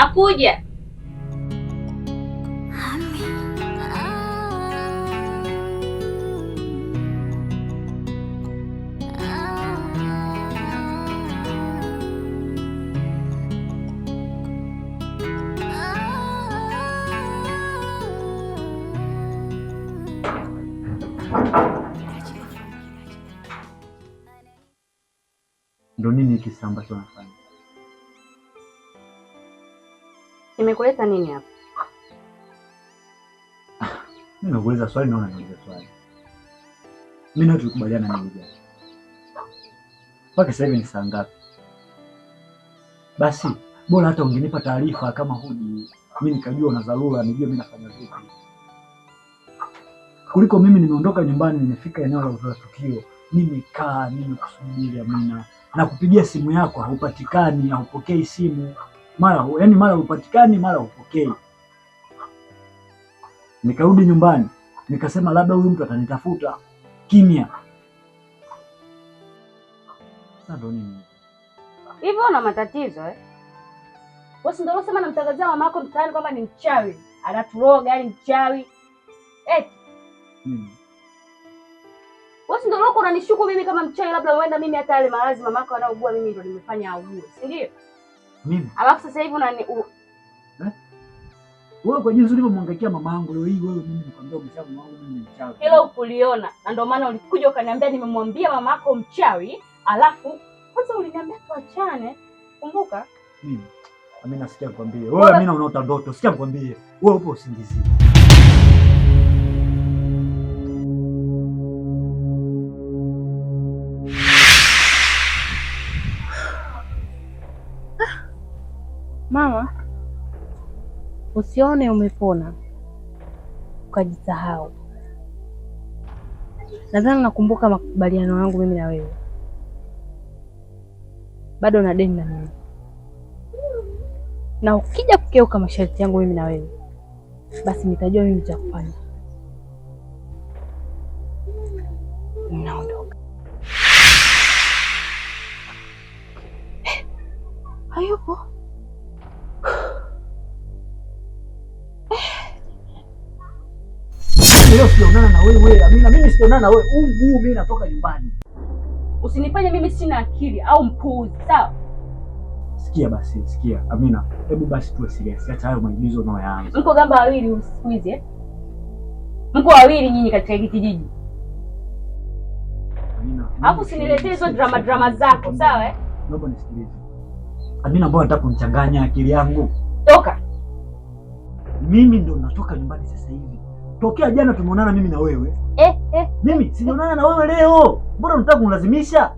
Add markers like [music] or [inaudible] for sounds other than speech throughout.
aku aja. Doni ni kisa ambacho nafanya Nimekuleta nini hapa? Ah, nimekuuliza swali naona nauliza swali. Mimi na tulikubaliana nini jana? Mpaka sasa hivi ni saa ngapi? Basi bora hata ungenipa taarifa kama huji, mimi nikajua una dharura, nijue mimi nafanya vipi, kuliko mimi nimeondoka nyumbani, nimefika eneo la tukio, nimekaa nimekusubiri Amina, na kupigia simu yako haupatikani, haupokei simu mara yani mara upatikani mara upokei. Nikarudi nyumbani nikasema, labda huyu mtu atanitafuta. Kimya hivyo, una matatizo eh? Wasi ndio unasema namtangazia mama yako mtaani kwamba ni mchawi, anaturoga yani mchawi eh? Hmm. Wasi ndio unanishuku mimi kama mchawi, labda uenda mimi hata yale maradhi mamako anaugua mimi ndio nimefanya augue, si ndio? Mimi. Alafu sasa hivi unani eh? Wewe kwa jinsi ulivyomwangaikia mamangu leo hii wewe mimi nikwambia mchawi wangu mimi ni mchawi. Hilo ukuliona na ndio maana ulikuja ukaniambia nimemwambia mama yako mchawi, alafu kwanza uliniambia tuachane. Kumbuka? Mimi. Amina, sikia nikwambie. Wewe mimi naona ndoto. Sikia nikwambie. Wewe upo usingizini. Mama, usione umepona ukajisahau. Nadhani nakumbuka makubaliano yangu mimi na wewe, bado na deni na mimi, na ukija kukeuka masharti yangu mimi na wewe, basi nitajua mimi cha kufanya. na wewe Amina, mimi sitaonana wewe ungu, mimi natoka nyumbani. Usinifanye mimi sina akili au mpuuzi, sawa? Sikia basi, sikia Amina, hebu basi tuwe serious, acha hayo maigizo unayoanza. Mko gamba wawili siku hizi eh? Mko wawili nyinyi katika hiki kijiji. Amina, alafu usiniletee hizo drama drama zako, sawa eh? Naomba nisikilize. Amina, mbona nataka kumchanganya akili yangu? Toka. Mimi ndo natoka nyumbani sasa hivi tokea jana tumeonana mimi na wewe eh, eh. Mimi sijaonana na wewe leo, mbona unataka kunilazimisha?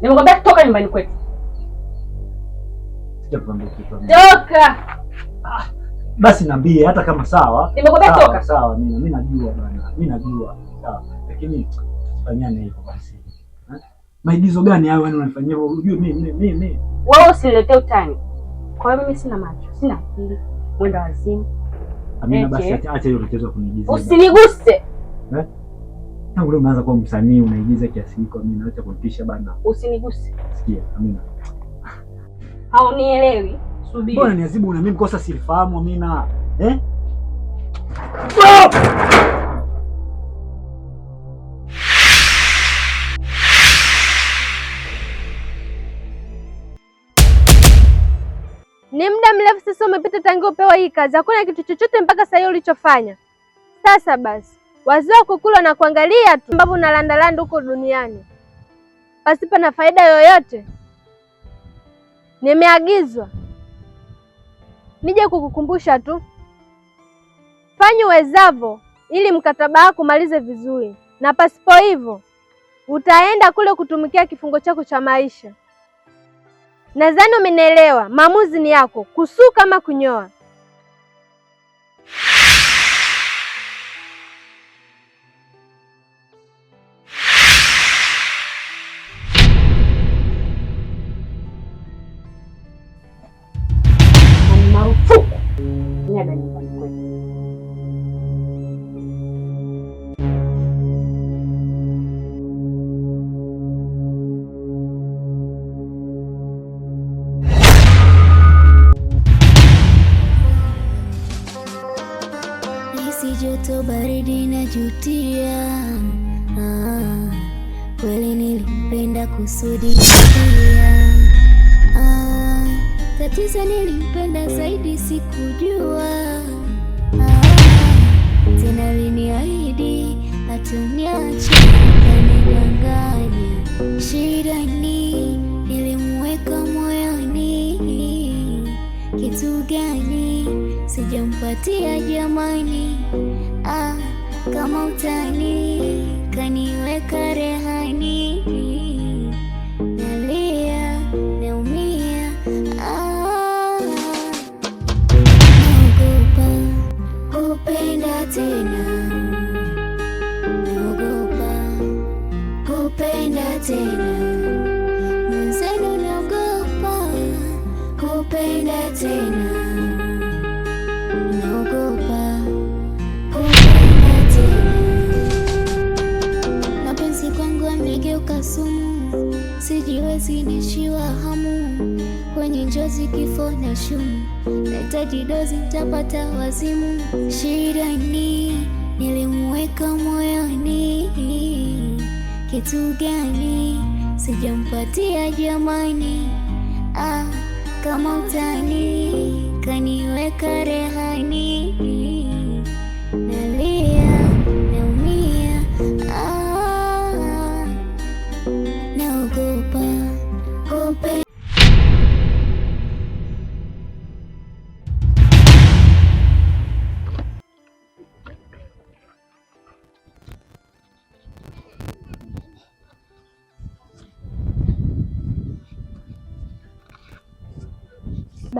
Nimekwambia toka nyumbani kwetu. Sijakwambia kitu. Toka. Ah, basi niambie hata kama sawa. Nimekwambia toka. Sawa, mimi mimi najua bwana. Mimi najua. Sawa. Lakini fanyane hivyo basi. Eh? Maigizo gani hayo wewe unanifanyia? Unajua mimi mimi mimi. Wewe usiletee utani. Kwa hiyo mimi sina macho, sina akili kwenda wazimu. Amina, basi acha hiyo mchezo wa kuniigiza. Usiniguse. Eh? Tangu leo unaanza kuwa msanii unaigiza kiasi hiko Amina, acha kunitisha bana. Usiniguse. Sikia, Amina. Haunielewi. Subiri. Bwana niazibu na mimi kosa silifahamu Amina? Eh? Stop! Ni muda mrefu sasa umepita tangu upewa hii kazi, hakuna kitu chochote mpaka sasa ulichofanya. Sasa basi, wazee wako kula na kuangalia tu ambavyo unalandalanda huko duniani pasipo na faida yoyote. Nimeagizwa nije kukukumbusha tu, fanya uwezavyo ili mkataba wako umalize vizuri, na pasipo hivyo utaenda kule kutumikia kifungo chako cha maisha. Nadhani umenielewa. Maamuzi ni yako, kusuka ama kunyoa. Marufuku. si joto baridi na jutia ah, kweli nilipenda kusudia ah, tatizo nilimpenda zaidi sikujua ah, tena liniahidi atuniache kanidanganya shirani nilimweka moyoni kitu gani sijampatia jamani, ah, kama utani kani wa hamu, kwenye njozi kifo na shumu, nahitaji dozi tapata wazimu. Shida ni nilimweka moyoni, kitu gani sijampatia jamani? Ah, kama utani kaniweka rehani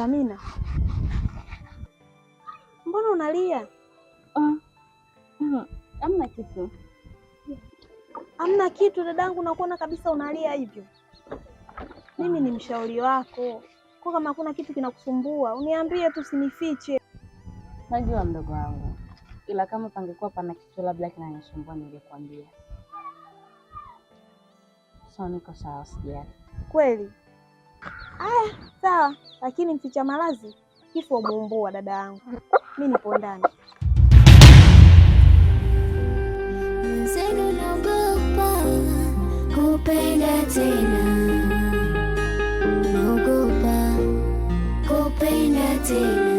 Damina, mbona unalia? Uh, ah, uh, amna kitu, amna kitu dadangu, nakuona kabisa unalia hivyo. Mimi ni mshauri wako kwa, kama kuna kitu kinakusumbua uniambie tu, sinifiche. Najua mdogo wangu, ila kama pangekuwa pana kitu labda kinanisumbua ningekwambia. So niko sawa, sijali kweli. Aya, sawa, lakini mficha malazi kifo mumbua. Dada yangu mi nipo ndani kupenda tena, naogopa kupenda tena.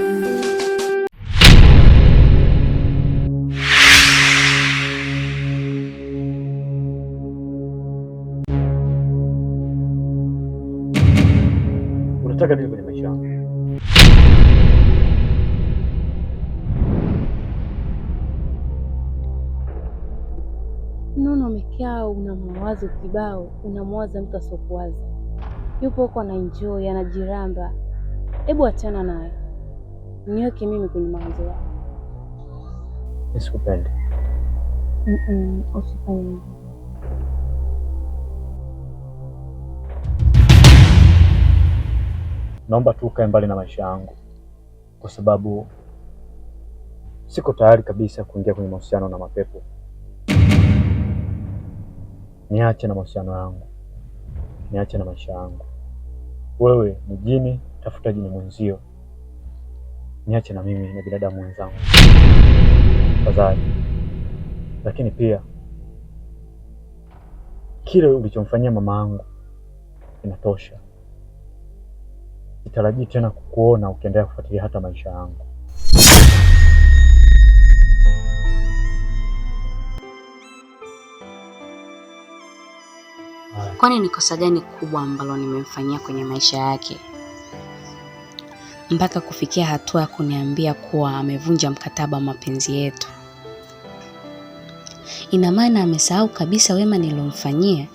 nataka niwe kwenye maisha yangu. Nono, una unamwaza kibao, unamwaza mtu asiokuwaza, yupo huko enjoy, anajiramba. Hebu achana naye, niweke mimi kwenye mawazo yako. Nisikupendi. Usifanye hivyo. naomba tu ukae mbali na maisha yangu, kwa sababu siko tayari kabisa kuingia kwenye mahusiano na mapepo. Niache na mahusiano yangu, niache na maisha yangu. Wewe ni jini, tafuta jini mwenzio. Niache na mimi na binadamu wenzangu tafadhali. Lakini pia kile ulichomfanyia mama yangu inatosha. Sitarajii tena kukuona ukiendelea kufuatilia hata maisha yangu. Kwani ni kosa gani kubwa ambalo nimemfanyia kwenye maisha yake mpaka kufikia hatua ya kuniambia kuwa amevunja mkataba wa mapenzi yetu? Ina maana amesahau kabisa wema nilomfanyia.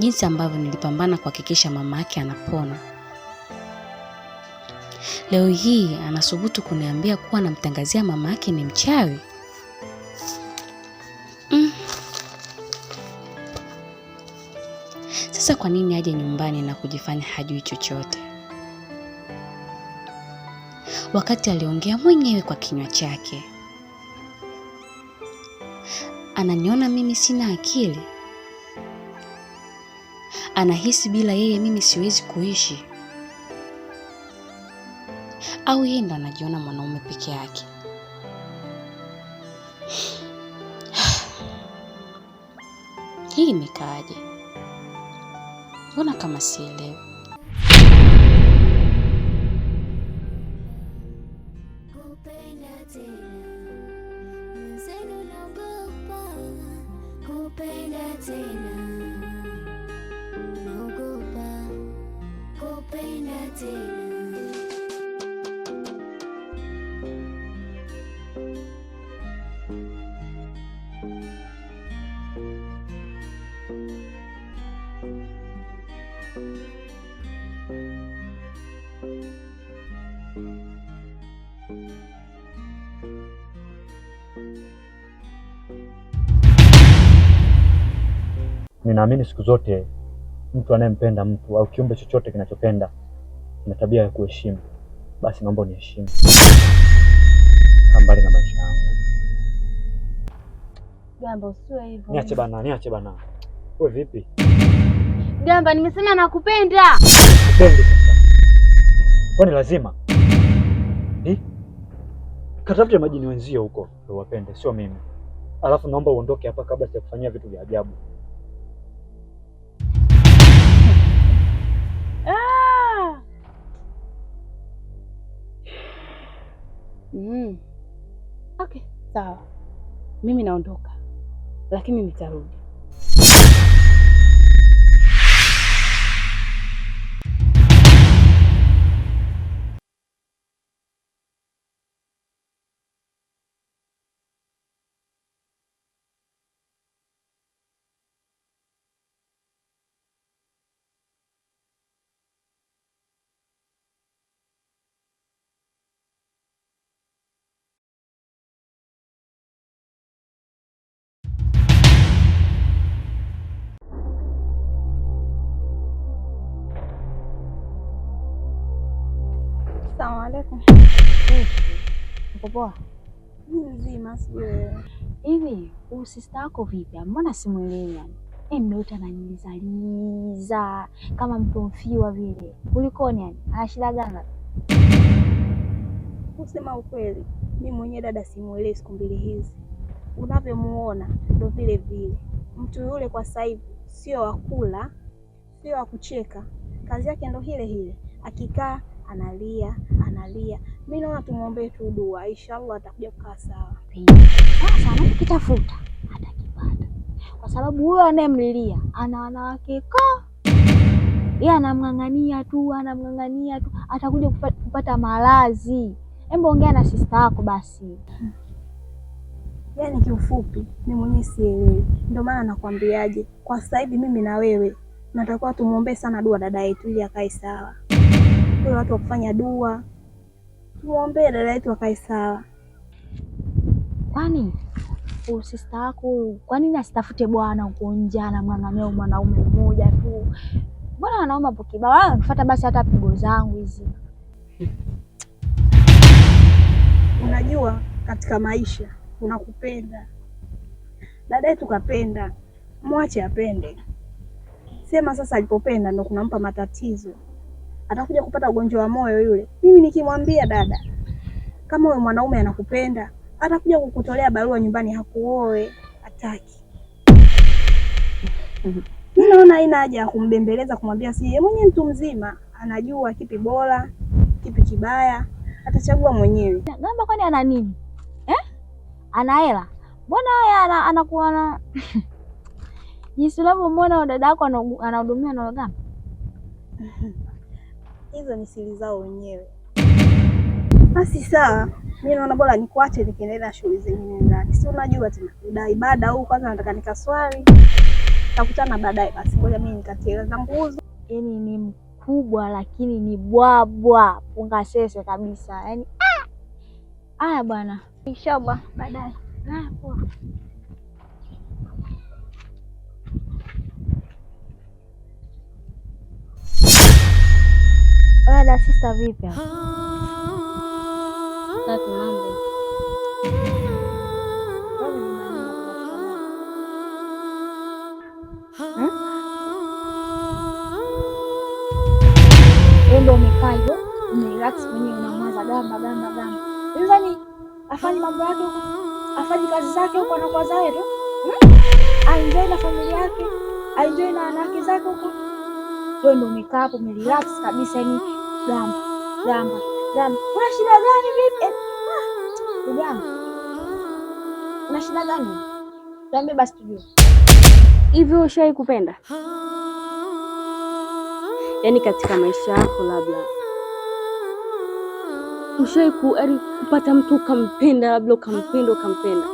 jinsi ambavyo nilipambana kuhakikisha mama yake anapona. Leo hii anasubutu kuniambia kuwa anamtangazia mama yake ni mchawi. Mm. Sasa kwa nini aje nyumbani na kujifanya hajui chochote? Wakati aliongea mwenyewe kwa kinywa chake. Ananiona mimi sina akili anahisi bila yeye mimi siwezi kuishi, au yeye ndo anajiona mwanaume peke yake? [sighs] Hii imekaaje? Mbona kama sielewi? Ninaamini siku zote mtu anayempenda mtu au kiumbe chochote kinachopenda na tabia ya kuheshimu, basi naomba uniheshimu mbali na maisha yangu. Gamba, usiwe hivyo. Niache bana, niache bana. Wewe vipi? Gamba, nimesema nakupenda. Kupendi sasa. Kwani lazima eh? Katafute majini wenzio huko, wapende sio mimi. Alafu naomba uondoke hapa kabla sijakufanyia vitu vya ajabu. Mm. Okay, sawa, mimi naondoka, lakini nitarudi. Asalamu alaikum. Uko poa? Mzima sijui. Hivi huyu sister wako vipi? Mbona simuelewi yani? Eh, mleta na nilizaliza kama mtomfiwa vile. Kulikoni yani? Ana shida gani? Kusema ukweli, mimi mwenyewe dada simuelewi siku mbili hizi. Unavyomuona ndo vile vile. Mtu yule kwa sasa hivi sio wakula, sio kucheka Kazi yake ndo hile hile. Akikaa analia analia. Mimi naona tumwombee tu dua, inshallah atakuja kukaa sawa. Sasa anakitafuta atakipata, kwa sababu huyo anayemlilia ana wanawake ko yeye anamng'ang'ania tu anamng'ang'ania tu, atakuja kupata malazi. Hebu ongea na sista yako basi. Yaani kiufupi mi mwenyewe sielewi, ndio maana nakwambiaje, kwa sasa hivi mimi na wewe natakuwa tumwombee sana dua dada yetu ili akae sawa tuwe watu wa kufanya dua, tuombee dada yetu akae sawa. Kwani usista wako huyu, kwa nini asitafute bwana huko nje? Anamwangamia mwanaume mmoja tu, mbona wanaume hapo kibao? Angefuata ah, basi hata pigo zangu hizi. [laughs] Unajua, katika maisha unakupenda dada yetu, kapenda mwache apende. Sema sasa, alipopenda ndo kunampa matatizo atakuja kupata ugonjwa wa moyo yule. Mimi nikimwambia dada, kama huyo mwanaume anakupenda, atakuja kukutolea barua nyumbani, hakuoe, hataki. Mimi naona haina haja ya kumbembeleza, kumwambia si yeye mwenye mtu mzima anajua kipi bora, kipi kibaya, atachagua mwenyewe. Gamba kwani ana nini eh? Ana hela mbona? Haya, anakuwa na [laughs] jinsi unavyomwona dada yako anahudumia na Gamba mhm hizo ni siri zao wenyewe. Basi sawa, mimi naona bora nikuache nikiendelea shughuli zingine ndani. Si unajua tena muda ibada huu, kwanza nataka nikaswali, takutana baadaye. Basi ngoja mimi nikatie zangu uzu. Yaani ni mkubwa lakini ni bwabwa punga sese kabisa, yaani ah! haya bwana, inshallah baadaye. Wala sista, vipi hapo ah, mambo? Ah. Ndo umekaa hivyo umerelax mwenyewe, unamwaza gamba gamba gamba, inzani afanye mambo yake huko, afanye kazi zake huko, anakuwa zae tu, hmm? aenjoy na familia yake, aenjoy na wanawake zake huko. wendo ndo umekaa hapo umerelax kabisa, yani Ramba, Ramba, Ramba. shida gani vipi? Eh, ah, shida gani? Tuambie basi tujue. Hivi ushawahi kupenda? Yaani katika maisha yako labda ushawahi yaani kupata mtu ukampenda, labda ukampenda ukampenda.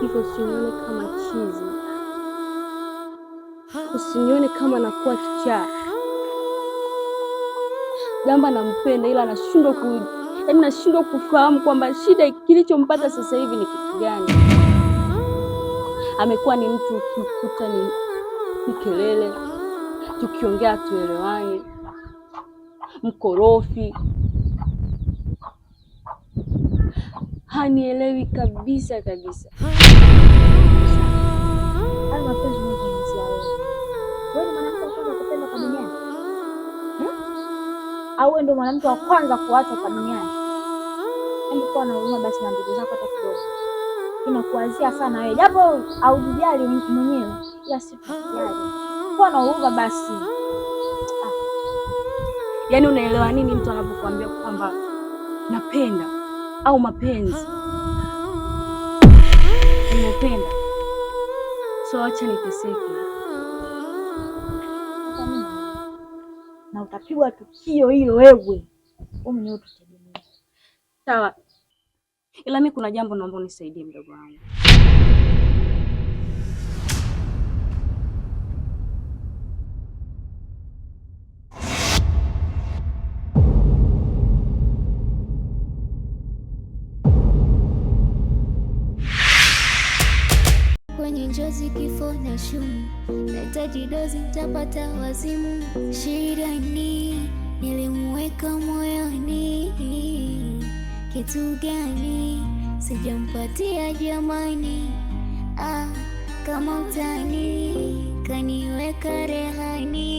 Hivyo sione kama chizi usinione kama nakuwa kichaa. Jamba nampenda ila nashindwa ku, yaani nashindwa kufahamu kwamba shida kilichompata sasa hivi ni kitu gani. Amekuwa ni mtu ukikuta ni, kelele, tukiongea tuelewane, mkorofi hanielewi kabisa kabisa. awe ndo mwanamke wa kwanza kuachwa kwa duniani. Kuwa na huruma basi na ndugu zako hata kidogo, inakuanzia sana wewe, japo aujijali mwenyewe, ila sikujali. Kuwa na huruma basi. Ah, yaani unaelewa nini mtu anapokuambia kwamba napenda au mapenzi napenda so acha niteseke. akapigwa tukio hilo wewe. Sawa, ila mi kuna jambo naomba unisaidie mdogo wangu. jidozi tapata wazimu. Shida ni nilimweka moyoni, kitu gani sijampatia jamani? Ah, kama utani kaniweka rehani